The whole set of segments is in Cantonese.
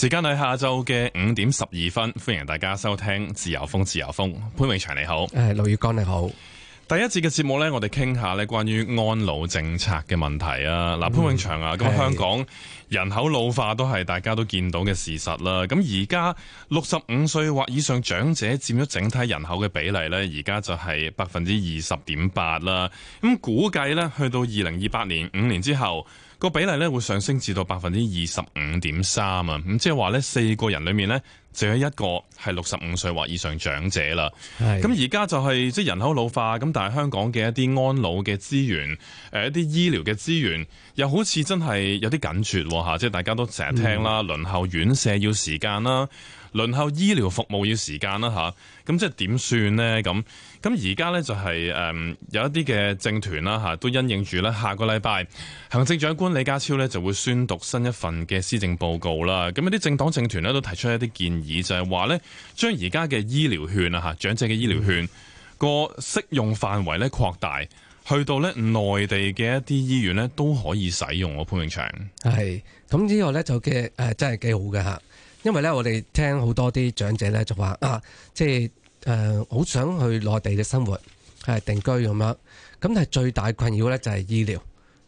時間喺下晝嘅五點十二分，歡迎大家收聽自由風《自由風》，自由風潘永祥你好，誒，盧月光你好。第一節嘅節目呢，我哋傾下咧關於安老政策嘅問題啊。嗱、嗯，潘永祥啊，咁香港人口老化都係大家都見到嘅事實啦。咁而家六十五歲或以上長者占咗整體人口嘅比例呢，而家就係百分之二十點八啦。咁估計呢，去到二零二八年五年之後。個比例咧會上升至到百分之二十五點三啊，咁即係話咧，四個人裏面咧。就係一個係六十五歲或以上長者啦。咁而家就係即係人口老化咁，但係香港嘅一啲安老嘅資源，誒一啲醫療嘅資源，又好似真係有啲緊缺嚇、啊。即係大家都成日聽啦，嗯、輪候院舍要時間啦，輪候醫療服務要時間啦吓，咁、啊、即係點算呢？咁咁而家呢就係誒有一啲嘅政團啦嚇，都因應住咧下個禮拜行政長官李家超呢就會宣讀新一份嘅施政報告啦。咁一啲政黨政團呢都提出一啲建議。以就係話咧，將而家嘅醫療券啊吓，長者嘅醫療券個適用範圍咧擴大，去到咧內地嘅一啲醫院咧都可以使用。潘永祥係，咁呢個咧就嘅誒真係幾好嘅吓，因為咧我哋聽好多啲長者咧就話啊，即係誒好想去內地嘅生活係定居咁樣，咁但係最大困擾咧就係醫療。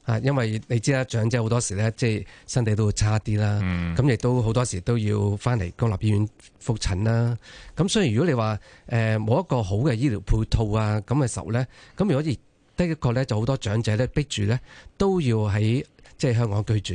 啊，因為你知啦，長者好多時咧，即係身體都會差啲啦，咁、嗯、亦都好多時都要翻嚟公立醫院覆診啦。咁所以如果你話誒冇一個好嘅醫療配套啊，咁嘅時候咧，咁如果亦的確咧就好多長者咧逼住咧都要喺即係香港居住。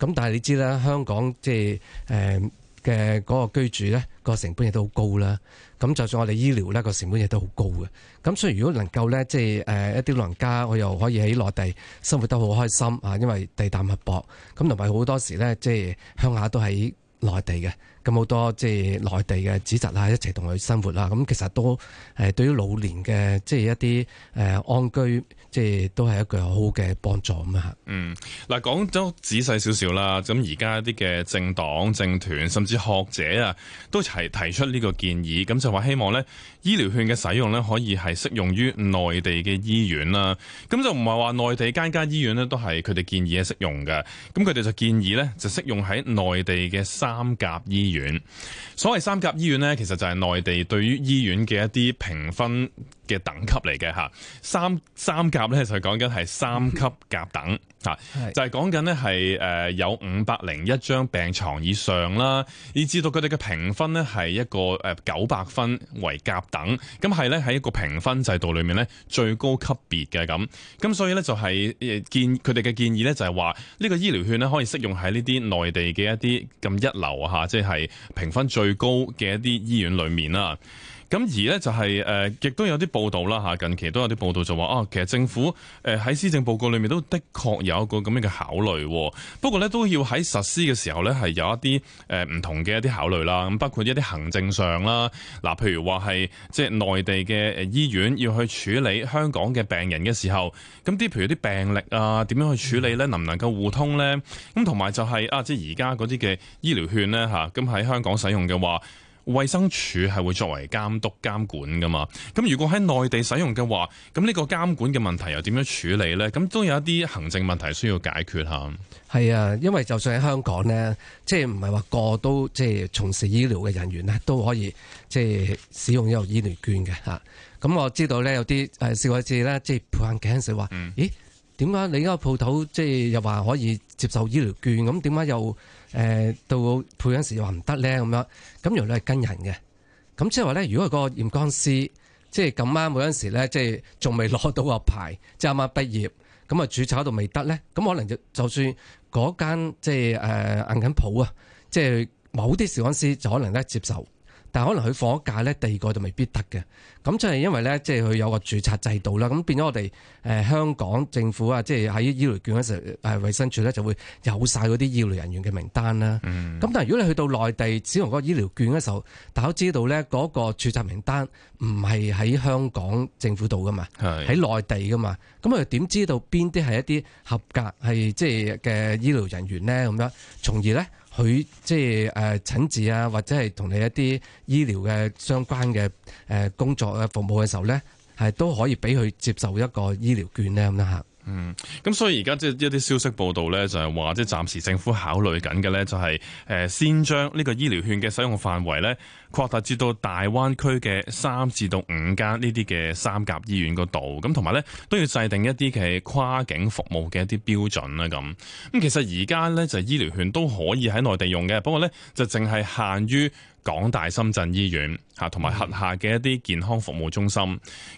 咁但係你知啦，香港即係誒。呃嘅嗰個居住呢個成本亦都好高啦。咁就算我哋醫療呢個成本亦都好高嘅。咁所以如果能夠呢，即係誒、呃、一啲老人家，我又可以喺內地生活得好開心啊，因為地大物博。咁同埋好多時呢，即係鄉下都喺內地嘅。咁好多即係內地嘅子侄啦，一齊同佢生活啦。咁其實都誒、對於老年嘅即係一啲誒安居，即係都係一個好好嘅幫助啊嘛。嗯，嗱講咗仔細少少啦。咁而家啲嘅政黨政團甚至學者啊，都提提出呢個建議，咁就話希望咧醫療券嘅使用咧可以係適用於內地嘅醫院啦。咁就唔係話內地間間醫院咧都係佢哋建議係適用嘅。咁佢哋就建議咧就適用喺內地嘅三甲醫院所謂三甲醫院呢，其實就係內地對於醫院嘅一啲評分。嘅等級嚟嘅吓，三三甲咧就係講緊係三級甲等吓， 就係講緊咧係誒有五百零一張病床以上啦，以至到佢哋嘅評分呢係一個誒九百分為甲等，咁係咧喺一個評分制度裏面咧最高級別嘅咁，咁所以咧就係誒建佢哋嘅建議咧就係話呢個醫療券咧可以適用喺呢啲內地嘅一啲咁一流吓，即係評分最高嘅一啲醫院裏面啦。咁而呢、就是，就係誒，亦都有啲報道啦嚇，近期都有啲報道就話啊，其實政府誒喺施政報告裏面都的確有一個咁樣嘅考慮，不過呢，都要喺實施嘅時候呢，係有一啲誒唔同嘅一啲考慮啦。咁包括一啲行政上啦，嗱、啊，譬如話係即係內地嘅誒醫院要去處理香港嘅病人嘅時候，咁啲譬如啲病歷啊，點樣去處理呢？能唔能夠互通呢？咁同埋就係、是、啊，即係而家嗰啲嘅醫療券呢，嚇、啊、咁、啊、喺香港使用嘅話。衛生署係會作為監督監管噶嘛？咁如果喺內地使用嘅話，咁呢個監管嘅問題又點樣處理咧？咁都有一啲行政問題需要解決下。係啊，因為就算喺香港咧，即係唔係話個都即係從事醫療嘅人員咧都可以即係使用呢個醫療券嘅吓。咁、啊、我知道咧有啲誒試過一次咧，即係配眼鏡時話，咦？點解你依個鋪頭即係又話可以接受醫療券？咁點解又？誒、呃、到配嗰陣時又話唔得咧咁樣，咁原果你係跟人嘅，咁即係話咧，如果係嗰個驗光師，即係咁啱每嗰陣時咧，即係仲未攞到個牌，即係啱啱畢業，咁啊註冊度未得咧，咁可能就就算嗰間即係誒眼鏡舖啊，即係、呃、某啲驗光師就可能咧接受。但可能佢放一假咧，第二個就未必得嘅。咁就係因為咧，即係佢有個註冊制度啦。咁變咗我哋誒香港政府啊，即係喺醫療券嗰時誒衞生署咧就會有晒嗰啲醫療人員嘅名單啦。咁、嗯、但係如果你去到內地使用嗰個醫療券嘅時候，大家都知道咧嗰個註冊名單唔係喺香港政府度噶嘛，喺內是地噶嘛。咁啊點知道邊啲係一啲合格係即係嘅醫療人員咧？咁樣，從而咧。佢即係誒、呃、診治啊，或者係同你一啲醫療嘅相關嘅誒、呃、工作嘅服務嘅時候咧，係都可以俾佢接受一個醫療券咧咁樣嚇。嗯，咁所以而家即係一啲消息報道咧，就係話即暫時政府考慮緊嘅咧，就係誒先將呢個醫療券嘅使用範圍咧擴大至到大灣區嘅三至到五間呢啲嘅三甲醫院嗰度，咁同埋咧都要制定一啲嘅跨境服務嘅一啲標準啦。咁咁其實而家咧就係醫療券都可以喺內地用嘅，不過咧就淨係限於，港大深圳醫院嚇，同埋轄下嘅一啲健康服務中心。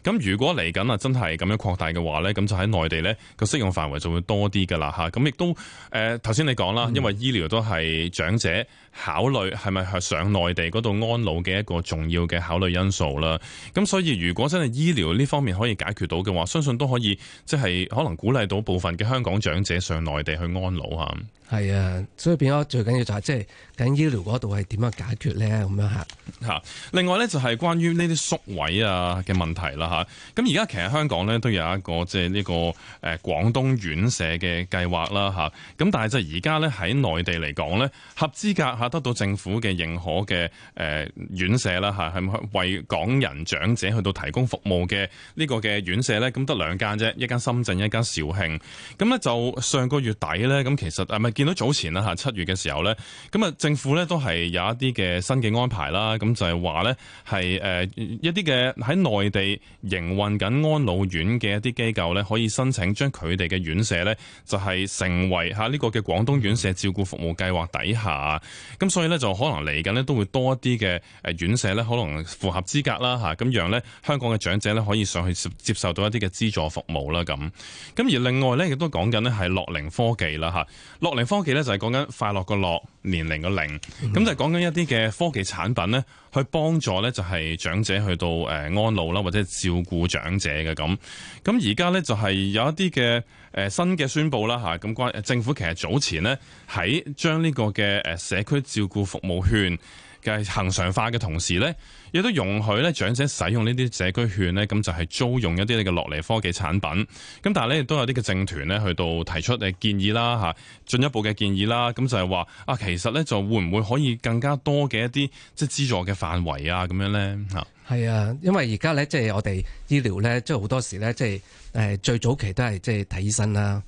咁、嗯、如果嚟緊啊，真係咁樣擴大嘅話呢，咁就喺內地呢個適用範圍就會多啲噶啦嚇。咁亦都誒，頭、呃、先你講啦，因為醫療都係長者考慮係咪係上內地嗰度安老嘅一個重要嘅考慮因素啦。咁所以如果真係醫療呢方面可以解決到嘅話，相信都可以即係、就是、可能鼓勵到部分嘅香港長者上內地去安老嚇。係啊，所以變咗最緊要就係即係緊醫療嗰度係點樣解決咧？咁樣吓，嚇。另外咧就係關於呢啲宿位啊嘅問題啦吓，咁而家其實香港咧都有一個即係呢個誒廣東院舍嘅計劃啦吓，咁但係就係而家咧喺內地嚟講咧，合資格嚇得到政府嘅認可嘅誒院舍啦吓，係咪為港人長者去到提供服務嘅呢個嘅院舍咧？咁得兩間啫，一間深圳，一間肇慶。咁咧就上個月底咧，咁其實係咪？見到早前啦嚇，七月嘅時候咧，咁啊政府咧都係有一啲嘅新嘅安排啦，咁就係話咧係誒一啲嘅喺內地營運緊安老院嘅一啲機構咧，可以申請將佢哋嘅院舍咧，就係成為嚇呢個嘅廣東院舍照顧服務計劃底下，咁所以咧就可能嚟緊咧都會多一啲嘅誒院舍咧，可能符合資格啦嚇，咁讓咧香港嘅長者咧可以上去接受到一啲嘅資助服務啦咁。咁而另外咧亦都講緊咧係樂齡科技啦嚇，樂齡。科技咧就係講緊快樂個樂，年齡個齡，咁、嗯、哼就係講緊一啲嘅科技產品咧，去幫助咧就係長者去到誒安老啦，或者照顧長者嘅咁咁而家咧就係有一啲嘅誒新嘅宣布啦吓，咁關政府其實早前咧喺將呢個嘅誒社區照顧服務券。恒常化嘅同時咧，亦都容許咧長者使用呢啲社區券咧，咁就係租用一啲你嘅樂齡科技產品。咁但係咧，亦都有啲嘅政團咧去到提出嘅建議啦嚇，進一步嘅建議啦，咁就係話啊，其實咧就會唔會可以更加多嘅一啲即係資助嘅範圍啊咁樣咧嚇。係啊，因為而家咧即係我哋醫療咧，即係好多時咧即係誒最早期都係即係睇醫生啦。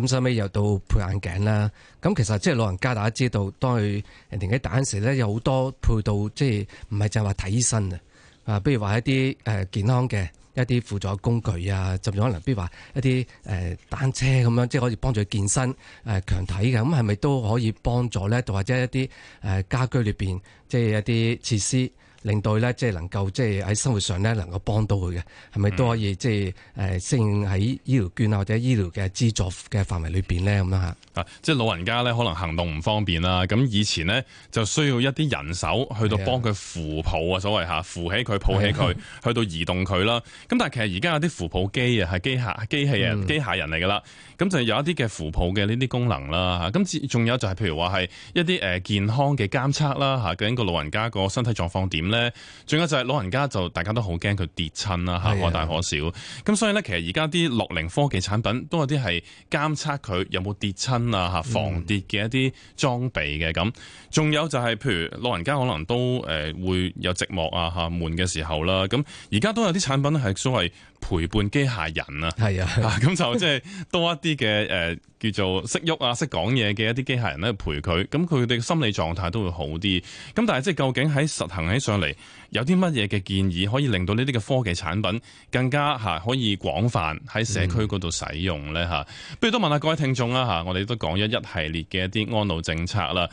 咁收尾又到配眼鏡啦，咁其實即係老人家大家知道，當佢年紀大嗰時咧，有好多配到即係唔係就係話睇醫生啊，啊，譬如話一啲誒健康嘅一啲輔助工具啊，甚至可能譬如話一啲誒單車咁樣，即係可以幫助佢健身誒強體嘅，咁係咪都可以幫助咧？或者一啲誒家居裏邊即係一啲設施？令到咧，即係能夠即係喺生活上咧，能夠幫到佢嘅，係咪都可以即係誒適應喺醫療券啊或者醫療嘅資助嘅範圍裏邊咧咁啦嚇。啊、嗯，即係老人家咧可能行動唔方便啦，咁以前呢，就需要一啲人手去到幫佢扶抱啊，的所謂嚇扶起佢抱起佢，的去到移動佢啦。咁但係其實而家有啲扶抱機啊，係機械機器人機、機械人嚟噶啦，咁、嗯、就有一啲嘅扶抱嘅呢啲功能啦嚇。咁仲有就係譬如話係一啲誒健康嘅監測啦嚇，究竟個老人家個身體狀況點？咧，仲有就係老人家就大家都好驚佢跌親啦嚇，的可大可小。咁所以咧，其實而家啲樂齡科技產品都有啲係監測佢有冇跌親啊嚇，防跌嘅一啲裝備嘅咁。仲、嗯、有就係譬如老人家可能都誒會有寂寞啊嚇悶嘅時候啦。咁而家都有啲產品咧係所謂，陪伴機械人 啊，係啊，咁就即係多一啲嘅誒，叫做識喐啊，識講嘢嘅一啲機械人咧陪佢，咁佢哋嘅心理狀態都會好啲。咁但係即係究竟喺實行起上嚟，有啲乜嘢嘅建議可以令到呢啲嘅科技產品更加嚇可以廣泛喺社區嗰度使用咧嚇？嗯、不如都問下各位聽眾啦嚇、啊，我哋都講咗一系列嘅一啲安老政策啦。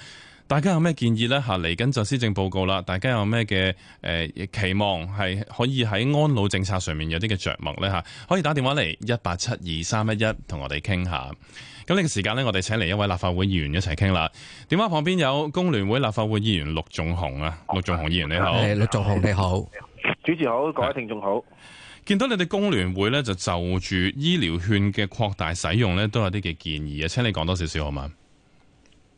大家有咩建議呢？吓，嚟緊就施政報告啦，大家有咩嘅誒期望係可以喺安老政策上面有啲嘅着墨呢？吓、啊、可以打電話嚟一八七二三一一，同我哋傾下。咁呢個時間呢，我哋請嚟一位立法會議員一齊傾啦。電話旁邊有工聯會立法會議員陸頌雄啊，陸、哦、頌雄議員你好，陸頌雄你好，主持好，各位聽眾好。見到你哋工聯會呢，就就住醫療券嘅擴大使用呢，都有啲嘅建議啊，請你講多少少好嗎？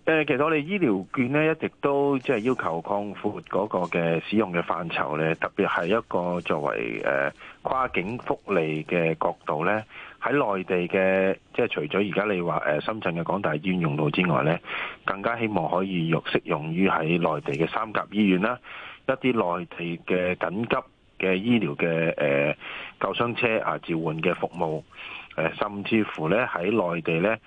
誒其實我哋醫療券咧一直都即係要求擴闊嗰個嘅使用嘅範疇咧，特別係一個作為誒跨境福利嘅角度咧，喺內地嘅即係除咗而家你話誒深圳嘅港大醫院用到之外咧，更加希望可以用適用於喺內地嘅三甲醫院啦，一啲內地嘅緊急嘅醫療嘅誒救傷車啊，召喚嘅服務誒，甚至乎咧喺內地咧。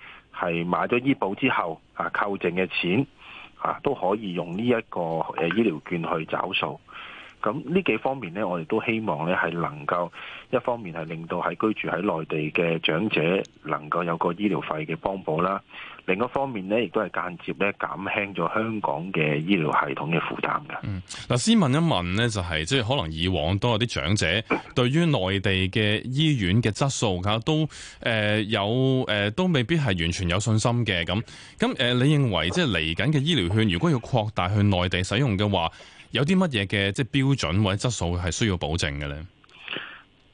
係買咗醫保之後，啊扣剩嘅錢，啊都可以用呢一個誒醫療券去找數。咁呢幾方面呢，我哋都希望呢係能夠一方面係令到喺居住喺內地嘅長者能夠有個醫療費嘅幫補啦；另一方面呢亦都係間接咧減輕咗香港嘅醫療系統嘅負擔嘅。嗯，嗱，先問一問呢、就係，就係即係可能以往都有啲長者對於內地嘅醫院嘅質素啊，都誒有誒都未必係完全有信心嘅。咁咁誒，你認為即係嚟緊嘅醫療券，如果要擴大去內地使用嘅話，有啲乜嘢嘅即係標準或者質素係需要保證嘅咧？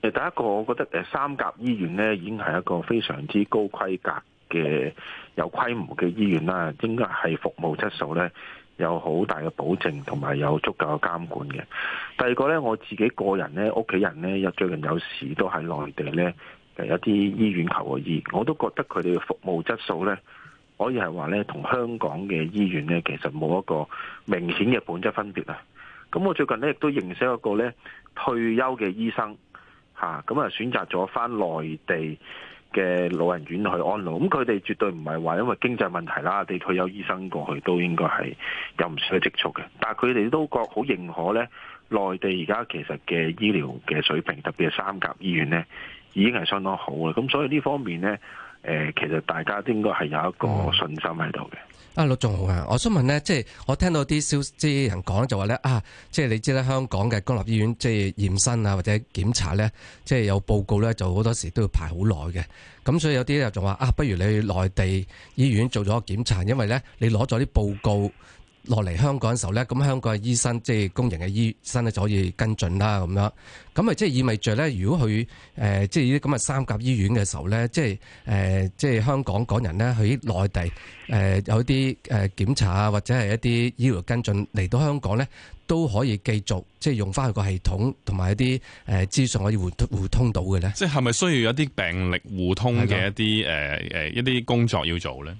誒，第一個，我覺得誒三甲醫院咧已經係一個非常之高規格嘅有規模嘅醫院啦，應該係服務質素咧有好大嘅保證同埋有足夠嘅監管嘅。第二個咧，我自己個人咧，屋企人咧，有最近有時都喺內地咧誒一啲醫院求過醫，我都覺得佢哋嘅服務質素咧。可以係話咧，同香港嘅醫院咧，其實冇一個明顯嘅本質分別啊。咁我最近咧，亦都認識一個咧退休嘅醫生，嚇咁啊，選擇咗翻內地嘅老人院去安老。咁佢哋絕對唔係話因為經濟問題啦，地退休醫生過去都應該係有唔少嘅積蓄嘅。但係佢哋都覺好認可咧，內地而家其實嘅醫療嘅水平，特別係三甲醫院咧，已經係相當好啦。咁所以呢方面咧。誒，其實大家應該係有一個信心喺度嘅。啊、哦，陸頌雄啊，我想問呢，即係我聽到啲消息，即係人講就話呢，啊，即係你知咧，香港嘅公立醫院即係驗身啊，或者檢查呢，即係有報告呢，就好多時都要排好耐嘅。咁所以有啲人就話啊，不如你去內地醫院做咗個檢查，因為呢，你攞咗啲報告。落嚟香港嘅時候咧，咁香港嘅醫生即係公營嘅醫生咧就可以跟進啦咁樣。咁啊，即係意味著咧，如果去誒、呃、即係呢啲咁嘅三甲醫院嘅時候咧，即係誒、呃、即係香港港人咧去內地誒、呃、有啲誒、呃、檢查啊，或者係一啲醫療跟進嚟到香港咧，都可以繼續即係用翻佢個系統同埋一啲誒資訊可以互互通到嘅咧。即係係咪需要有啲病歷互通嘅一啲誒誒一啲工作要做咧？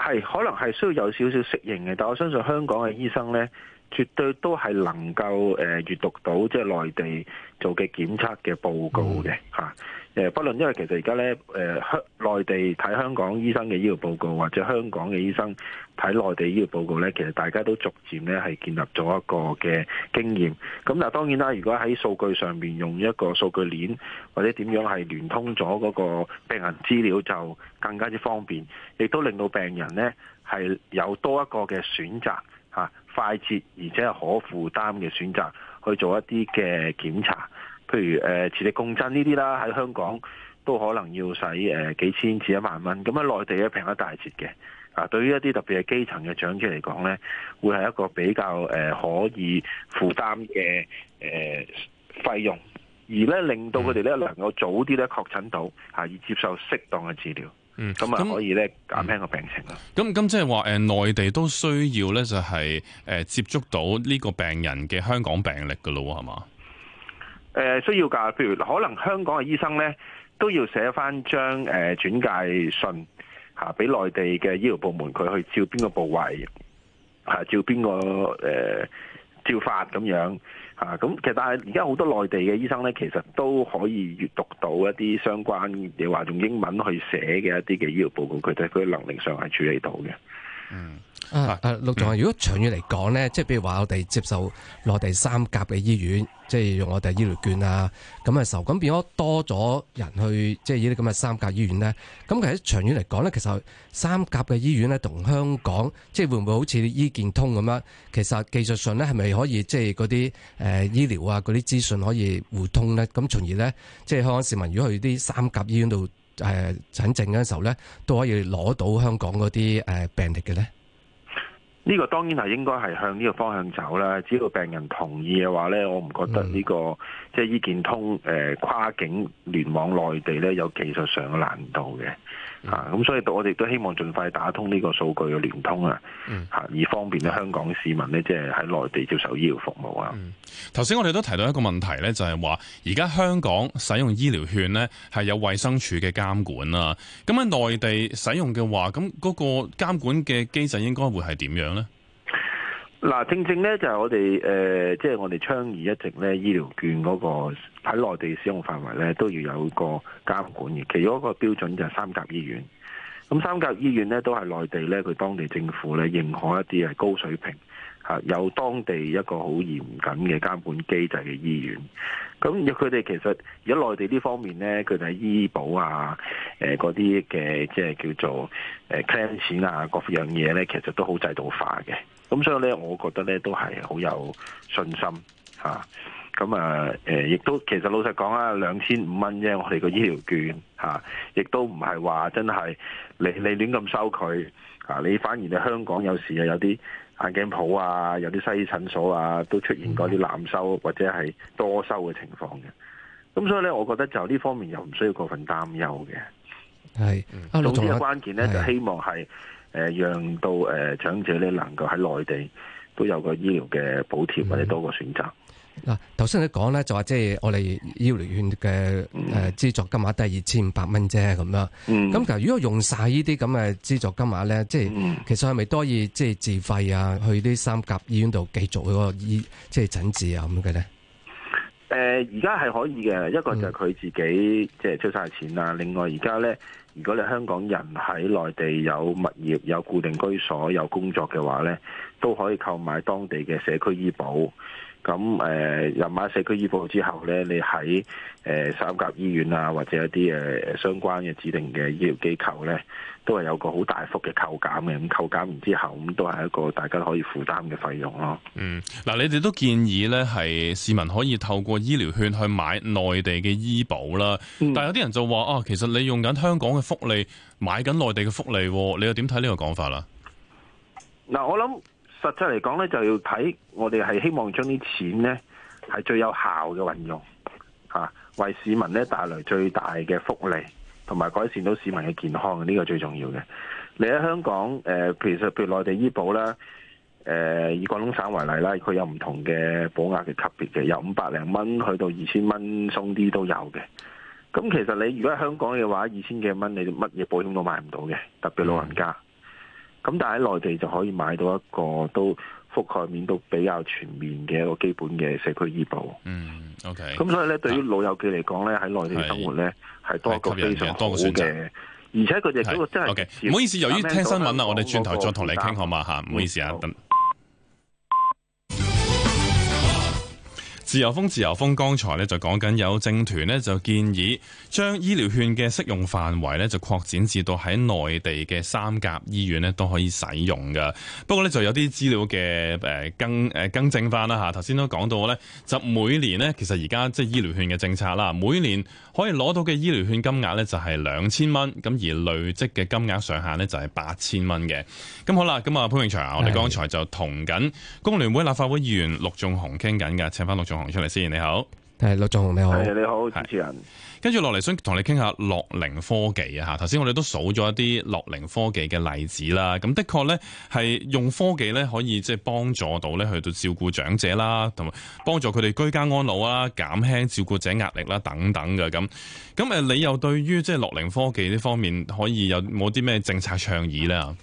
係可能係需要有少少適應嘅，但我相信香港嘅醫生咧。絕對都係能夠誒閱讀到即係內地做嘅檢測嘅報告嘅嚇誒，嗯、不論因為其實而家咧誒香內地睇香港醫生嘅醫療報告，或者香港嘅醫生睇內地醫療報告咧，其實大家都逐漸咧係建立咗一個嘅經驗。咁嗱當然啦，如果喺數據上面用一個數據鏈或者點樣係聯通咗嗰個病人資料，就更加之方便，亦都令到病人咧係有多一個嘅選擇。快捷而且係可負擔嘅選擇，去做一啲嘅檢查，譬如誒、呃、磁力共振呢啲啦，喺香港都可能要使誒、呃、幾千至一萬蚊，咁喺內地咧平一大截嘅，啊對於一啲特別係基層嘅長者嚟講咧，會係一個比較誒、呃、可以負擔嘅誒、呃、費用，而咧令到佢哋咧能夠早啲咧確診到，嚇、啊、以接受適當嘅治療。嗯，咁、嗯、啊可以咧減輕個病情咯。咁咁、嗯嗯嗯、即係話誒，內、呃、地都需要咧就係、是、誒、呃，接觸到呢個病人嘅香港病歷噶咯，係嘛？誒、呃，需要噶，譬如可能香港嘅醫生咧都要寫翻張誒轉介信吓，俾內地嘅醫療部門佢去照邊個部位，吓照邊個誒。呃照法咁樣吓，咁其實但係而家好多內地嘅醫生咧，其實都可以閲讀到一啲相關，你話用英文去寫嘅一啲嘅醫療報告，佢哋佢嘅能力上係處理到嘅，嗯。啊！誒、呃、陸總如果長遠嚟講呢，即係譬如話我哋接受內地三甲嘅醫院，即係用我哋醫療券啊，咁嘅時候咁變咗多咗人去，即係呢啲咁嘅三甲醫院呢，咁其實長遠嚟講呢，其實三甲嘅醫院呢，同香港，即係會唔會好似醫健通咁樣？其實技術上呢，係咪可以即係嗰啲誒醫療啊嗰啲資訊可以互通呢？咁從而呢，即係香港市民如果去啲三甲醫院度誒、呃、診症嘅時候呢，都可以攞到香港嗰啲誒病歷嘅呢。呢個當然係應該係向呢個方向走啦。只要病人同意嘅話呢，我唔覺得呢、這個、嗯、即係醫健通誒、呃、跨境聯網內地呢有技術上嘅難度嘅。啊！咁、嗯、所以我哋都希望盡快打通呢個數據嘅聯通啊，嚇、嗯，以方便咧香港市民咧，即係喺內地接受醫療服務啊。頭先、嗯、我哋都提到一個問題咧，就係話而家香港使用醫療券咧係有衛生署嘅監管啦。咁喺內地使用嘅話，咁嗰個監管嘅機制應該會係點樣咧？嗱，正正咧就係我哋誒、呃，即係我哋倡議一直咧，醫療券嗰個喺內地使用範圍咧，都要有個監管嘅。其中一個標準就係三甲醫院。咁三甲醫院咧都係內地咧，佢當地政府咧認可一啲係高水平嚇，有當地一個好嚴謹嘅監管機制嘅醫院。咁而佢哋其實而家內地呢方面咧，佢哋喺醫保啊、誒嗰啲嘅即係叫做誒 claim 錢啊各樣嘢咧，其實都好制度化嘅。咁、 嗯、所以咧，我覺得咧都係好有信心嚇。咁啊，誒、啊，亦都其實老實講啊，兩千五蚊啫，我哋個醫療券嚇，亦都唔係話真係你你亂咁收佢啊！你反而你香港有時有啊，有啲眼鏡鋪啊，有啲西醫診所啊，都出現嗰啲濫收或者係多收嘅情況嘅。咁、嗯嗯嗯、所以咧，我覺得就呢方面又唔需要過分擔憂嘅。係、嗯，啊、總之嘅有關鍵咧就希望係。誒，讓到誒長者咧，能夠喺內地都有個醫療嘅補貼或者多個選擇。嗱、嗯，頭先你講咧，就話即係我哋醫療券嘅誒資助金額得二千五百蚊啫，咁樣。嗯。咁其實如果用晒呢啲咁嘅資助金額咧，即係、嗯、其實係咪多以即係自費啊，去啲三甲醫院度繼續去個醫即係診治啊咁嘅咧？誒而家係可以嘅，一個就係佢自己、嗯、即係出晒錢啦。另外而家呢，如果你香港人喺內地有物業、有固定居所、有工作嘅話呢，都可以購買當地嘅社區醫保。咁誒、呃，入買社區醫保之後咧，你喺誒、呃、三甲醫院啊，或者一啲誒、呃、相關嘅指定嘅醫療機構咧，都係有個好大幅嘅扣減嘅。咁扣減完之後，咁都係一個大家可以負擔嘅費用咯。嗯，嗱，你哋都建議咧，係市民可以透過醫療券去買內地嘅醫保啦。嗯、但係有啲人就話啊，其實你用緊香港嘅福利買緊內地嘅福利，福利啊、你又點睇呢個講法啦？嗱，我諗。實際嚟講咧，就要睇我哋係希望將啲錢咧係最有效嘅運用嚇、啊，為市民咧帶來最大嘅福利，同埋改善到市民嘅健康，呢、這個最重要嘅。你喺香港誒，其實譬如內地醫保啦，誒、呃、以廣東省為例啦，佢有唔同嘅保額嘅級別嘅，由五百零蚊去到二千蚊，鬆啲都有嘅。咁其實你如果喺香港嘅話，二千幾蚊你乜嘢保險都買唔到嘅，特別老人家。嗯。咁但喺內地就可以買到一個都覆蓋面都比較全面嘅一個基本嘅社區醫保。嗯，OK。咁所以咧，對於老友記嚟講咧，喺內地生活咧係是多一個非常多個選擇，而且佢哋嗰個真係唔、okay、好意思，由於聽新聞啦，我哋轉頭再同你傾好嘛嚇，唔好意思啊，好自由風，自由風，剛才咧就講緊有政團咧就建議將醫療券嘅適用範圍咧就擴展至到喺內地嘅三甲醫院咧都可以使用㗎。不過咧就有啲資料嘅誒更誒更正返啦吓，頭先都講到咧，就每年咧其實而家即係醫療券嘅政策啦，每年。可以攞到嘅醫療券金額咧就係兩千蚊，咁而累積嘅金額上限咧就係八千蚊嘅。咁好啦，咁啊潘永祥，我哋剛才就同緊工聯會立法會議員陸頌雄傾緊㗎，請返陸頌雄出嚟先，你好。誒，陸頌雄你好，你好主持人。跟住落嚟，想同你傾下樂齡科技啊吓。頭先我哋都數咗一啲樂齡科技嘅例子啦。咁、啊、的確咧，係用科技咧可以即係幫助到咧去到照顧長者啦，同埋幫助佢哋居家安老啦，減、啊、輕照顧者壓力啦、啊、等等嘅咁。咁、啊、誒，你又對於即係樂齡科技呢方面，可以有冇啲咩政策倡議咧啊？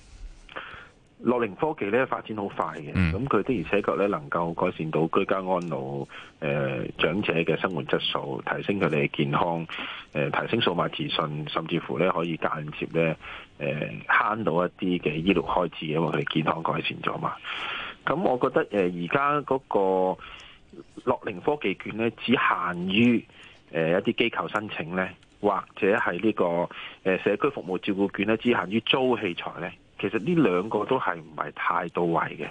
樂齡科技咧發展好快嘅，咁佢，mm. 的而且確咧能夠改善到居家安老誒、呃、長者嘅生活質素，提升佢哋嘅健康，誒、呃、提升數碼自信，甚至乎咧可以間接咧誒慳到一啲嘅醫療開支，因為佢哋健康改善咗嘛。咁、呃、我覺得誒而家嗰個樂齡科技券咧只限於誒一啲機構申請咧，或者係呢個誒社區服務照顧券咧只限於租器材咧。其實呢兩個都係唔係太到位嘅。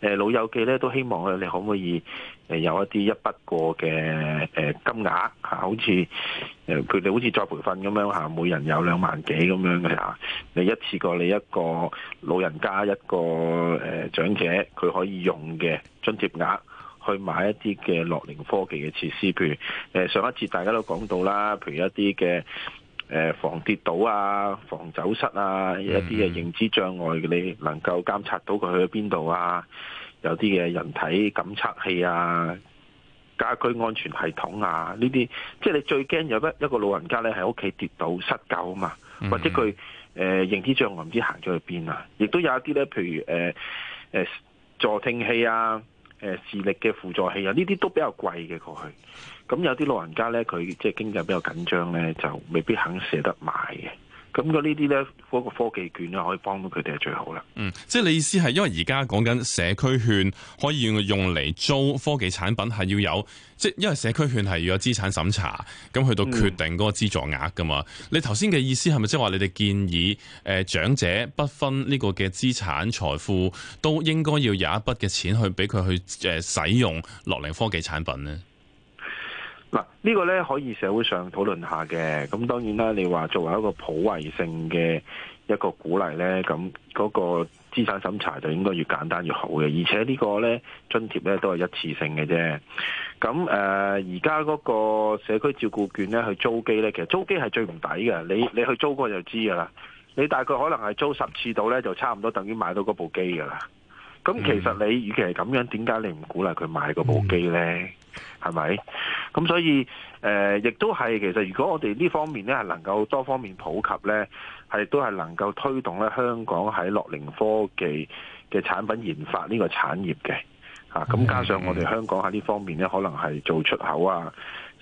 誒老友記咧都希望咧，你可唔可以誒有一啲一筆過嘅誒金額嚇？好似誒佢哋好似再培訓咁樣嚇，每人有兩萬幾咁樣嘅嚇。你一次過，你一個老人家一個誒長者，佢可以用嘅津貼額去買一啲嘅樂齡科技嘅設施，譬如誒上一次大家都講到啦，譬如一啲嘅。誒，防跌倒啊，防走失啊，一啲嘅認知障礙，你能夠監察到佢去咗邊度啊？有啲嘅人體感測器啊，家居安全系統啊，呢啲即係你最驚有得一個老人家咧喺屋企跌倒失救啊嘛，或者佢誒、呃、認知障礙唔知行咗去邊啊？亦都有一啲咧，譬如誒誒、呃呃、助聽器啊。誒視力嘅輔助器啊，呢啲都比較貴嘅。過去，咁有啲老人家咧，佢即係經濟比較緊張咧，就未必肯捨得買嘅。咁嘅呢啲呢嗰個科技券咧可以幫到佢哋係最好啦。嗯，即係你意思係因為而家講緊社區券可以用嚟租科技產品，係要有即係因為社區券係要有資產審查，咁去到決定嗰個資助額噶嘛？嗯、你頭先嘅意思係咪即係話你哋建議誒長者不分呢個嘅資產財富，都應該要有一筆嘅錢去俾佢去誒使用樂齡科技產品呢？嗱，呢個咧可以社會上討論下嘅。咁當然啦，你話作為一個普惠性嘅一個鼓勵咧，咁嗰個資產審查就應該越簡單越好嘅。而且呢個咧津貼咧都係一次性嘅啫。咁誒，而家嗰個社區照顧券咧去租機咧，其實租機係最唔抵嘅。你你去租過就知㗎啦。你大概可能係租十次到咧，就差唔多等於買到嗰部機㗎啦。咁、嗯、其實你，與其係咁樣，點解你唔鼓勵佢買嗰部機呢？係咪、嗯？咁所以，誒、呃，亦都係其實，如果我哋呢方面咧，係能夠多方面普及呢，係都係能夠推動咧香港喺樂齡科技嘅產品研發呢個產業嘅。嚇、嗯，咁、啊、加上我哋香港喺呢方面呢，可能係做出口啊。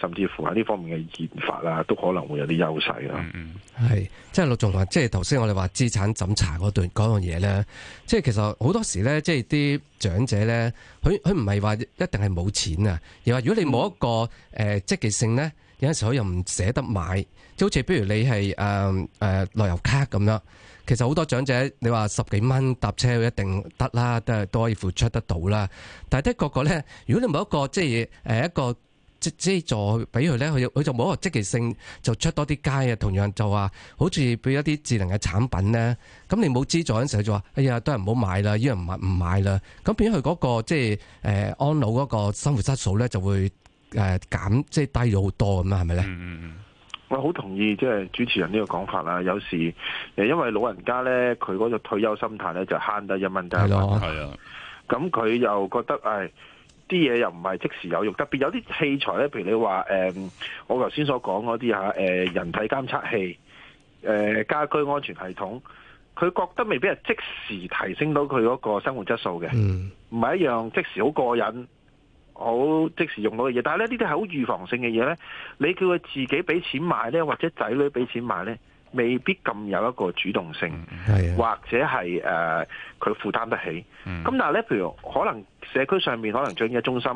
甚至乎喺呢方面嘅研發啦，都可能會有啲優勢咯。嗯嗯，係，即係陸仲華，即係頭先我哋話資產審查嗰段嗰樣嘢咧，即係其實好多時咧，即係啲長者咧，佢佢唔係話一定係冇錢啊，而話如果你冇一個誒積極性咧，有陣時佢又唔捨得買，即係好似譬如你係誒誒樂悠卡咁樣。其實好多長者，你話十幾蚊搭車一定得啦，都係都可以付出得到啦。但係的確個咧，如果你冇一個即係誒一個。即係資助俾佢咧，佢佢就冇一個積極性，就出多啲街啊。同樣就話，好似俾一啲智能嘅產品咧，咁你冇資助嘅時候就話，哎呀都係唔好買啦，一樣唔唔買啦。咁變咗佢嗰個即係誒安老嗰個生活質素咧，就會誒減即係低咗好多咁啊，係咪咧？我好同意即係主持人呢個講法啦。有時誒，因為老人家咧，佢嗰個退休心態咧就慳得一蚊就一蚊，咁佢又覺得誒。啲嘢又唔係即時有用，特別有啲器材咧，譬如你話誒、呃，我頭先所講嗰啲嚇誒，人體監測器、誒、呃、家居安全系統，佢覺得未必係即時提升到佢嗰個生活質素嘅，唔係一樣即時好過癮、好即時用到嘅嘢。但係咧，呢啲係好預防性嘅嘢咧，你叫佢自己俾錢買咧，或者仔女俾錢買咧？未必咁有一個主動性，嗯、或者係誒佢負擔得起。咁、嗯、但係咧，譬如可能社區上面可能最啲嘅中心，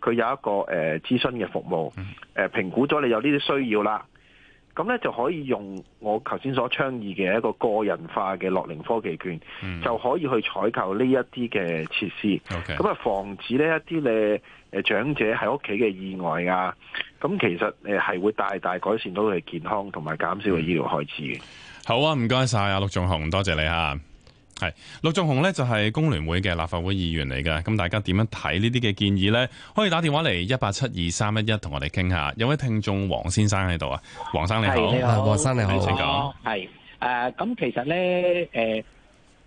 佢有一個誒、uh, 諮詢嘅服務，誒評、嗯、估咗你有呢啲需要啦。咁咧就可以用我頭先所倡議嘅一個個人化嘅樂齡科技券，嗯、就可以去採購呢一啲嘅設施。Okay，咁啊，防止呢一啲咧誒長者喺屋企嘅意外啊。咁其實誒係會大大改善到佢嘅健康同埋減少嘅醫療開支。好啊，唔該晒啊，陸頌雄，多謝，謝你啊。係陸頌雄咧就係、是、工聯會嘅立法會議員嚟噶，咁大家點樣睇呢啲嘅建議咧？可以打電話嚟一八七二三一一同我哋傾下。有位聽眾黃先生喺度啊，黃生你好，黃生你好，請講。係誒，咁其實咧誒、呃，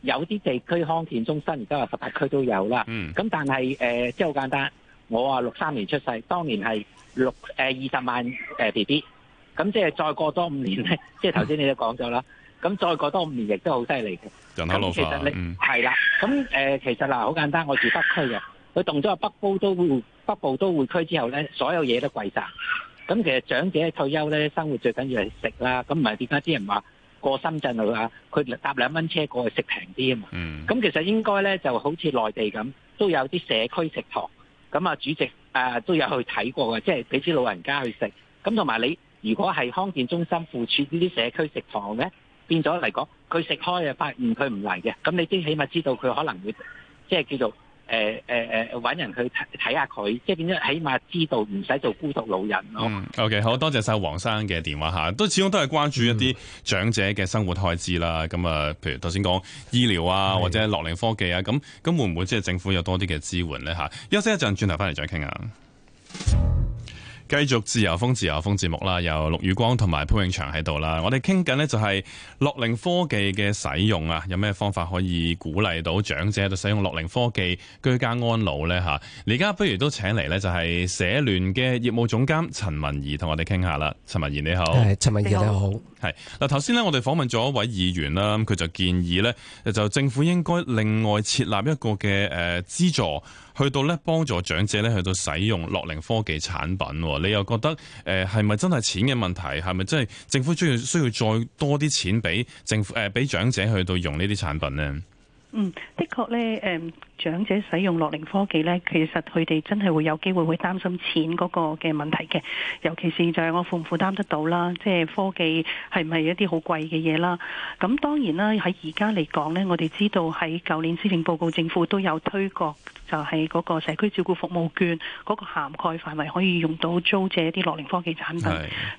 有啲地區康健中心而家話十八區都有啦。咁但係誒，即係好簡單，我話六三年出世，當年係六誒二十萬誒、呃、B B，咁即係再過多五年咧，嗯、 即係頭先你都講咗啦。咁再過多五年亦都好犀利嘅。嗯、其實你係啦，咁誒、嗯呃、其實嗱，好簡單，我住北區嘅，佢動咗個北部都會北部都會區之後咧，所有嘢都貴晒。咁其實長者退休咧，生活最緊要係食啦。咁唔係點解啲人話過深圳啊？佢搭兩蚊車過去食平啲啊嘛。咁、嗯、其實應該咧就好似內地咁，都有啲社區食堂。咁啊，主席誒、呃、都有去睇過嘅，即係俾啲老人家去食。咁同埋你如果係康健中心副處呢啲社區食堂咧？變咗嚟講，佢食開啊，發現佢唔嚟嘅，咁你都起碼知道佢可能會，即係叫做誒誒誒，搵、呃呃、人去睇下佢，即係變咗起碼知道唔使做孤獨老人咯。嗯、o、okay, K，好多謝晒黃生嘅電話吓，始終都始終都係關注一啲長者嘅生活開支啦。咁啊、嗯，譬如頭先講醫療啊，或者係樂齡科技啊，咁咁是會唔會即係政府有多啲嘅支援咧吓？休息一陣，轉頭翻嚟再傾下。繼續自由風自由風節目啦，由陸宇光同埋潘永祥喺度啦。我哋傾緊呢就係樂齡科技嘅使用啊，有咩方法可以鼓勵到長者喺度使用樂齡科技居家安老呢？吓？而家不如都請嚟呢就係社聯嘅業務總監陳文宜同我哋傾下啦。陳文宜你好，陳文宜你好，係嗱好。頭先呢我哋訪問咗一位議員啦，咁佢就建議呢，就政府應該另外設立一個嘅誒資助。去到咧，幫助長者咧，去到使用樂齡科技產品，你又覺得誒係咪真係錢嘅問題？係咪真係政府需要需要再多啲錢俾政府誒俾長者去到用呢啲產品呢？嗯，的確咧誒、呃，長者使用樂齡科技咧，其實佢哋真係會有機會會擔心錢嗰個嘅問題嘅，尤其是就係我負唔負擔得到啦，即係科技係咪一啲好貴嘅嘢啦？咁當然啦，喺而家嚟講咧，我哋知道喺舊年施政報告，政府都有推過。就係嗰個社區照顧服務券嗰個涵蓋範圍可以用到租借一啲樂齡科技產品。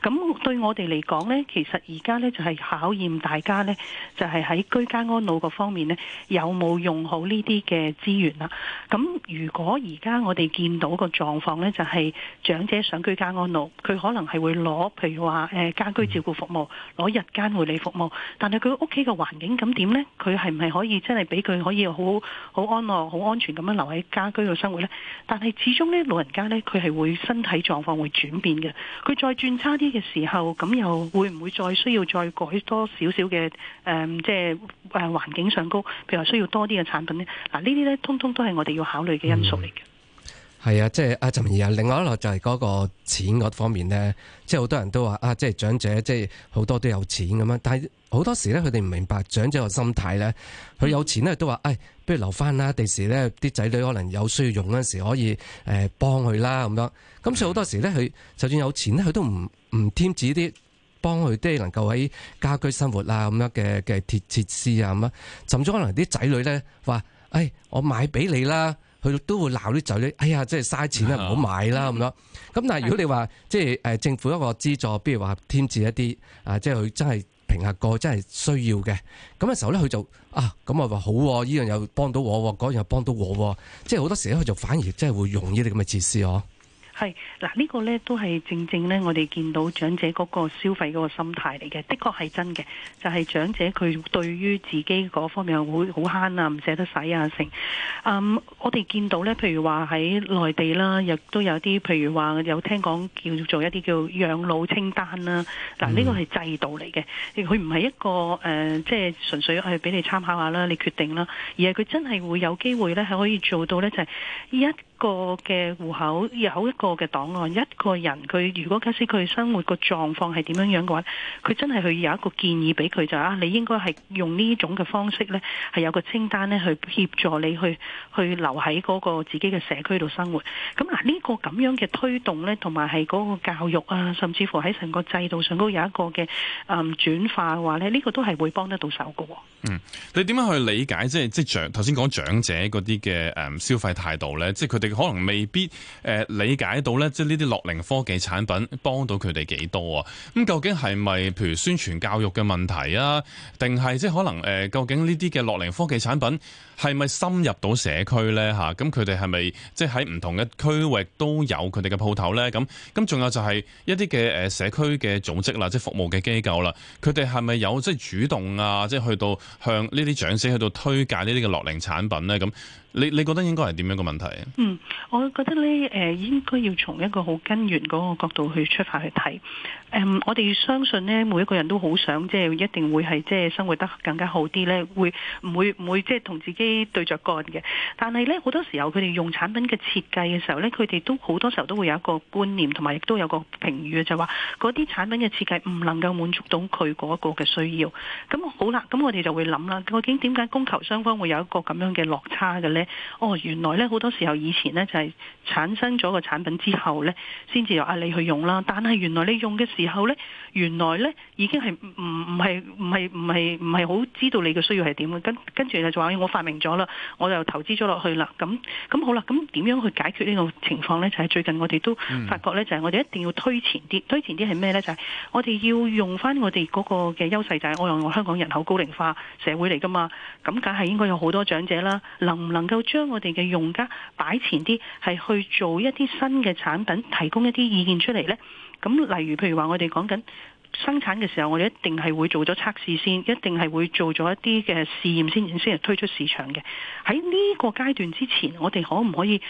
咁對我哋嚟講咧，其實而家咧就係考驗大家咧，就係喺居家安老嗰方面咧，有冇用好呢啲嘅資源啦？咁如果而家我哋見到個狀況咧，就係長者想居家安老，佢可能係會攞譬如話誒家居照顧服務攞日間護理服務，但係佢屋企嘅環境咁點咧？佢係唔係可以真係俾佢可以好好安樂好安全咁樣留喺？家居嘅生活咧，但係始終咧，老人家咧，佢係會身體狀況會轉變嘅。佢再轉差啲嘅時候，咁又會唔會再需要再改多少少嘅誒，即係誒環境上高，譬如話需要多啲嘅產品咧？嗱、啊，呢啲咧，通通都係我哋要考慮嘅因素嚟嘅。嗯係啊，啊，即係阿陳宜啊。另外一個就係嗰個錢嗰方面咧，即係好多人都話啊，即係長者，即係好多都有錢咁樣。但係好多時咧，佢哋唔明白長者個心態咧。佢有錢咧都話，誒、哎，不如留翻啦。第時咧，啲仔女可能有需要用嗰陣時，可以誒幫佢啦咁樣。咁所以好多時咧，佢就算有錢咧，佢都唔唔添置啲幫佢即係能夠喺家居生活啊咁樣嘅嘅鐵設施啊咁樣。甚至可能啲仔女咧話，誒、哎，我買俾你啦。佢都會鬧啲仔咧，哎呀，即係嘥錢啦，唔好買啦咁樣。咁、嗯、但係如果你話、嗯、即係誒政府一個資助，譬如話添置一啲啊，即係佢真係評核過，真係需要嘅。咁嘅時候咧，佢就啊，咁啊話好，依樣又幫到我，嗰樣又幫到我。即係好多時咧，佢就反而真係會用呢啲咁嘅設施哦。啊係嗱，這個、呢個咧都係正正咧，我哋見到長者嗰個消費嗰個心態嚟嘅，的確係真嘅，就係、是、長者佢對於自己嗰方面會好慳啊，唔捨得使啊，成，嗯、我哋見到咧，譬如話喺內地啦，亦都有啲，譬如話有聽講叫做一啲叫養老清單啦，嗱、嗯，呢個係制度嚟嘅，佢唔係一個誒，即、呃、係、就是、純粹係俾你參考下啦，你決定啦，而係佢真係會有機會咧，係可以做到咧，就係一個嘅戶口有一個嘅檔案，一個人佢如果假使佢生活個狀況係點樣樣嘅話，佢真係去有一個建議俾佢就啊、是，你應該係用呢種嘅方式呢，係有個清單呢去協助你去去留喺嗰個自己嘅社區度生活。咁嗱，呢個咁樣嘅推動呢，同埋係嗰個教育啊，甚至乎喺成個制度上都有一個嘅誒轉化嘅話咧，呢個都係會幫得到手嘅。嗯，你點樣去理解即係即係頭先講長者嗰啲嘅消費態度呢，即係佢哋。可能未必誒、呃、理解到咧，即係呢啲樂齡科技產品幫到佢哋幾多啊？咁、嗯、究竟係咪譬如宣傳教育嘅問題啊？定係即係可能誒、呃、究竟呢啲嘅樂齡科技產品係咪深入到社區呢？嚇，咁佢哋係咪即係喺唔同嘅區域都有佢哋嘅鋪頭呢？咁咁仲有就係一啲嘅誒社區嘅組織啦，即係服務嘅機構啦，佢哋係咪有即係主動啊，即係去到向呢啲長者去到推介呢啲嘅樂齡產品呢？咁你你覺得應該係點樣嘅問題？嗯，我覺得呢誒、呃，應該要從一個好根源嗰個角度去出發去睇。Um, 我哋相信呢，每一個人都好想即係一定會係即係生活得更加好啲呢。會唔會唔會即係同自己對著幹嘅？但係呢，好多時候佢哋用產品嘅設計嘅時候呢，佢哋都好多時候都會有一個觀念同埋亦都有個評語就話嗰啲產品嘅設計唔能夠滿足到佢嗰個嘅需要。咁好啦，咁我哋就會諗啦，究竟點解供求雙方會有一個咁樣嘅落差嘅呢？哦，原來呢，好多時候以前呢，就係產生咗個產品之後呢，先至有壓力去用啦。但係原來你用嘅時，然後咧，原來咧已經係唔唔係唔係唔係唔係好知道你嘅需要係點嘅，跟跟住就話我發明咗啦，我就投資咗落去啦。咁咁好啦，咁點樣去解決呢個情況咧？就係、是、最近我哋都發覺咧，就係我哋一定要推前啲，推前啲係咩咧？就係、是、我哋要用翻我哋嗰個嘅優勢，就係、是、我用香港人口高齡化社會嚟噶嘛，咁梗係應該有好多長者啦。能唔能夠將我哋嘅用家擺前啲，係去做一啲新嘅產品，提供一啲意見出嚟咧？咁例如，譬如話我哋講緊生產嘅時候，我哋一定係會做咗測試先，一定係會做咗一啲嘅試驗先，先係推出市場嘅。喺呢個階段之前，我哋可唔可以？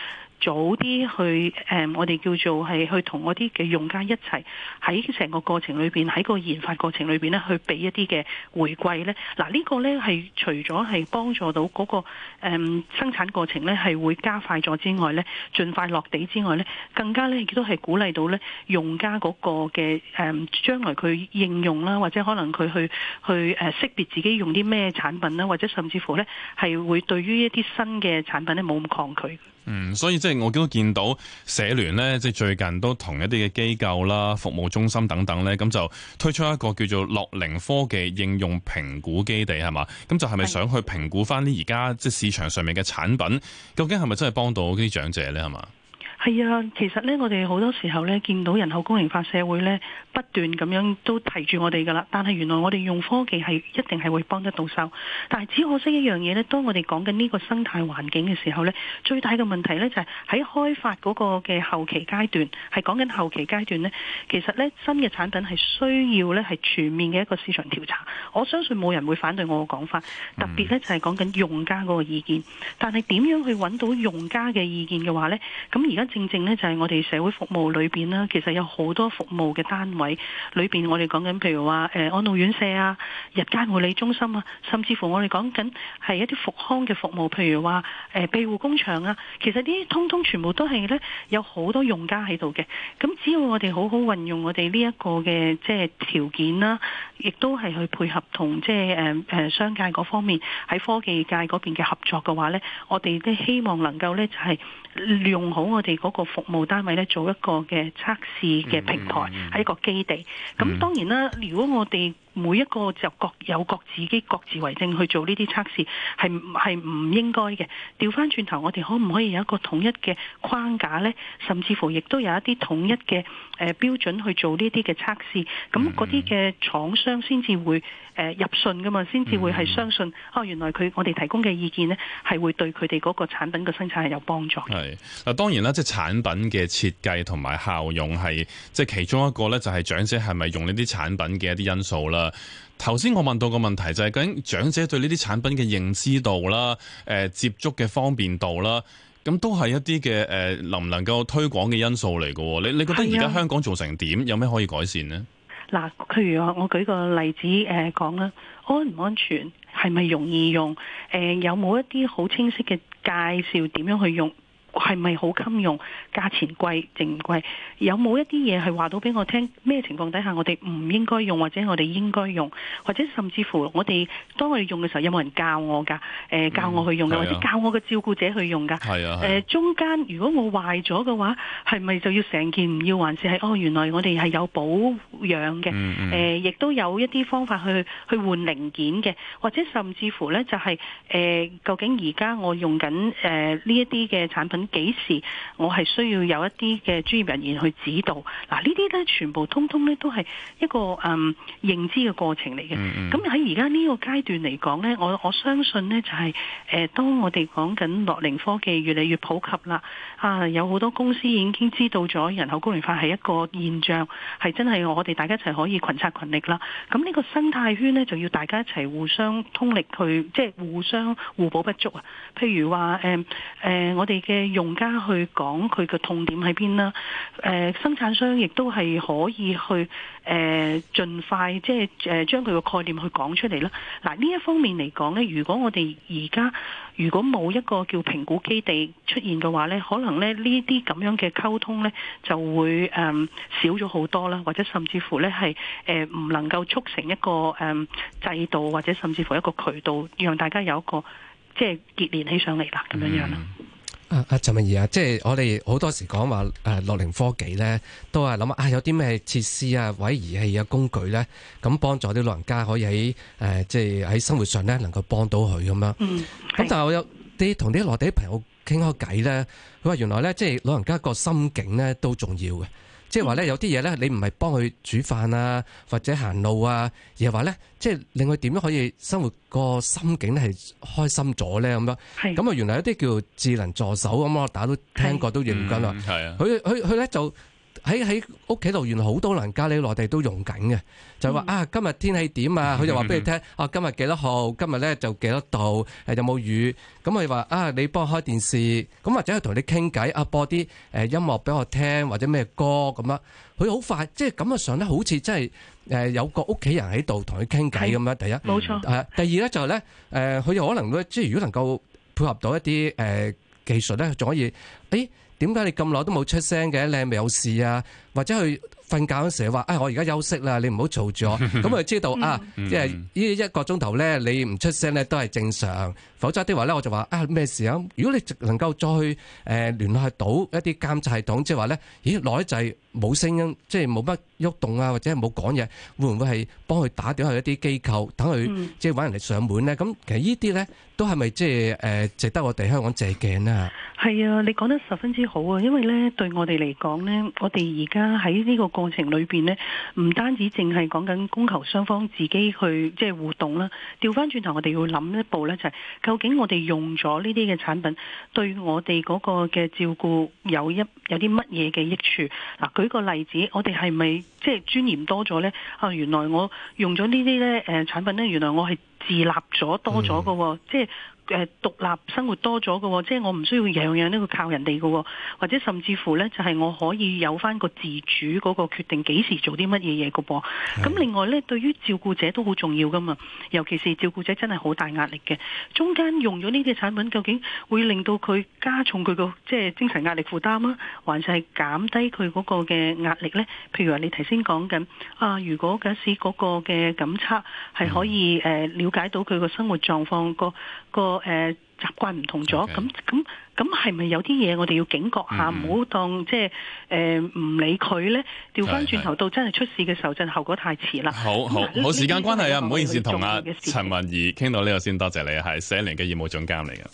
早啲去誒，嗯，我哋叫做係去同嗰啲嘅用家一齊，喺成個過程裏邊，喺個研發過程裏邊咧，去俾一啲嘅回饋咧。嗱、啊，這個、呢個咧係除咗係幫助到嗰、那個誒、嗯、生產過程咧，係會加快咗之外咧，盡快落地之外咧，更加咧亦都係鼓勵到咧用家嗰個嘅誒將來佢應用啦，或者可能佢去去誒識別自己用啲咩產品啦，或者甚至乎咧係會對於一啲新嘅產品咧冇咁抗拒。嗯，所以即係我都見到社聯咧，即係最近都同一啲嘅機構啦、服務中心等等咧，咁就推出一個叫做樂齡科技應用評估基地，係嘛，咁就係咪想去評估翻啲而家即係市場上面嘅產品，究竟係咪真係幫到啲長者咧，係嘛？係啊，其實呢，我哋好多時候呢，見到人口高齡化社會呢，不斷咁樣都提住我哋噶啦。但係原來我哋用科技係一定係會幫得到手，但係只可惜一樣嘢呢，當我哋講緊呢個生態環境嘅時候呢，最大嘅問題呢，就係喺開發嗰個嘅後期階段，係講緊後期階段呢，其實呢，新嘅產品係需要呢，係全面嘅一個市場調查。我相信冇人會反對我嘅講法，特別呢，就係講緊用家嗰個意見。但係點樣去揾到用家嘅意見嘅話呢？咁而家。正正咧就係我哋社會服務裏邊啦，其實有好多服務嘅單位裏邊，裏面我哋講緊譬如話誒安老院舍啊、日間護理中心啊，甚至乎我哋講緊係一啲復康嘅服務，譬如話誒、呃、庇護工場啊，其實呢啲通通全部都係咧有好多用家喺度嘅。咁只要我哋好好運用我哋呢一個嘅即係條件啦，亦都係去配合同即係誒誒商界嗰方面喺科技界嗰邊嘅合作嘅話咧，我哋都希望能夠咧就係、是。用好我哋嗰個服務單位咧，做一個嘅測試嘅平台，係、mm hmm. 一個基地。咁當然啦，如果我哋每一個就各有各自己各自為政去做呢啲測試，係，係唔應該嘅。調翻轉頭，我哋可唔可以有一個統一嘅框架咧？甚至乎亦都有一啲統一嘅誒、呃、標準去做呢啲嘅測試，咁嗰啲嘅廠商先至會誒、呃、入信噶嘛，先至會係相信嗯嗯哦原來佢我哋提供嘅意見咧，係會對佢哋嗰個產品嘅生產係有幫助嘅。係。嗱，當然啦，即係產品嘅設計同埋效用係即係其中一個咧，就係長者係咪用呢啲產品嘅一啲因素啦。頭先我問到個問題就係、是，究竟長者對呢啲產品嘅認知度啦，誒、呃，接觸嘅方便度啦，咁、呃、都係一啲嘅誒，能唔能夠推廣嘅因素嚟㗎？你你覺得而家香港做成點？有咩可以改善呢？嗱，譬如我我舉個例子，誒、呃，講啦，安、啊、唔安全，係咪容易用？誒、呃，有冇一啲好清晰嘅介紹，點樣去用？係咪好襟用？價錢貴定唔貴？有冇一啲嘢係話到俾我聽？咩情況底下我哋唔應該用，或者我哋應該用？或者甚至乎我哋當我哋用嘅時候，有冇人教我㗎？誒、呃、教我去用嘅，嗯、或者教我嘅照顧者去用㗎？係、嗯、啊、呃。中間如果我壞咗嘅話，係咪就要成件唔要，還是係哦？原來我哋係有保養嘅。亦、嗯嗯呃、都有一啲方法去去換零件嘅，或者甚至乎呢就係、是、誒、呃、究竟而家我用緊誒呢一啲嘅產品。幾時我係需要有一啲嘅專業人員去指導嗱？呢啲呢全部通通呢都係一個嗯認知嘅過程嚟嘅。咁喺而家呢個階段嚟講呢，我我相信呢就係誒，當我哋講緊樂齡科技越嚟越普及啦，啊，有好多公司已經知道咗人口高齡化係一個現象，係真係我哋大家一齊可以群策群力啦。咁呢個生態圈呢，就要大家一齊互相通力去，即係互相互補不足啊。譬如話誒誒，我哋嘅用家去講佢嘅痛點喺邊啦，誒、呃、生產商亦都係可以去誒、呃、盡快即係誒將佢個概念去講出嚟啦。嗱呢一方面嚟講咧，如果我哋而家如果冇一個叫評估基地出現嘅話咧，可能咧呢啲咁樣嘅溝通咧就會誒、呃、少咗好多啦，或者甚至乎咧係誒唔能夠促成一個誒、呃、制度或者甚至乎一個渠道，讓大家有一個即係結連起上嚟啦咁樣樣啦。嗯.阿阿陳文宜啊，即係我哋好多時講話，誒樂齡科技咧，都係諗下，有啲咩設施啊、或者儀器啊、工具咧，咁幫助啲老人家可以喺誒、呃，即係喺生活上咧，能夠幫到佢咁樣。嗯，咁、嗯、但係我有啲同啲內地朋友傾開偈咧，佢話原來咧，即係老人家個心境咧都重要嘅。即係話咧，有啲嘢咧，你唔係幫佢煮飯啊，或者行路啊，而係話咧，即係令佢點樣可以生活個心境係開心咗咧咁樣。咁啊是，原來一啲叫智能助手咁，大家都聽過，是都認唔緊啦。係、嗯、啊，佢佢佢咧就。喺喺屋企度，原來好多老人家呢，內地都用緊嘅，就話、嗯、啊，今日天，天氣點啊？佢就話俾你聽，嗯、啊，今日幾多號？今日咧就幾多度？誒、呃，有冇雨？咁佢話啊，你幫我開電視，咁、呃、或者係同你傾偈啊，播啲誒音樂俾我聽，或者咩歌咁樣。佢好快，即係感覺上咧好似真係誒有個屋企人喺度同佢傾偈咁樣。是第一，冇錯。第二咧就係、是、咧，誒、呃，佢又可能會即係如果能夠配合到一啲誒技術咧，仲、呃呃、可以誒。欸點解你咁耐都冇出聲嘅？你係咪有事啊？或者去瞓覺嗰陣時話：哎、 啊，我而家休息啦，你唔好嘈咗。咁佢知道啊，即係呢一個鐘頭咧，你唔出聲咧都係正常。否則的話咧，我就話啊咩事啊！如果你能夠再去誒、呃、聯絡到一啲監察黨，即係話咧，咦內在冇聲音，即係冇乜喐動啊，或者冇講嘢，會唔會係幫佢打掉一啲機構，等佢即係揾人嚟上門咧？咁、嗯、其實呢啲咧，都係咪即係誒值得我哋香港借鏡啊？係啊，你講得十分之好啊！因為咧對我哋嚟講咧，我哋而家喺呢個過程裏邊咧，唔單止淨係講緊供求雙方自己去即係互動啦。調翻轉頭，我哋要諗一步咧，就係、是。究竟我哋用咗呢啲嘅產品，對我哋嗰個嘅照顧有一有啲乜嘢嘅益處？嗱，舉個例子，我哋係咪即係尊嚴多咗咧？啊，原來我用咗呢啲咧誒產品咧，原來我係。自立咗多咗嘅，即係誒、呃、獨立生活多咗嘅，即係我唔需要樣樣都要靠人哋嘅，或者甚至乎咧就係、是、我可以有翻個自主嗰個決定，幾時做啲乜嘢嘢嘅噃。咁的另外咧，對於照顧者都好重要噶嘛，尤其是照顧者真係好大壓力嘅。中間用咗呢啲產品，究竟會令到佢加重佢個即係精神壓力負擔啊，還是係減低佢嗰個嘅壓力咧？譬如話你頭先講緊啊，如果假使嗰個嘅檢測係可以誒。呃解到佢個生活狀況個個誒習慣唔同咗，咁咁咁係咪有啲嘢我哋要警覺下，唔好、嗯嗯、當即係誒唔理佢咧，調翻轉頭到真係出事嘅時候，就後果太遲啦。好好好，冇時間關係啊，唔好意思，同阿陳文宜傾到呢度先，多謝你，係社聯嘅業務總監嚟嘅。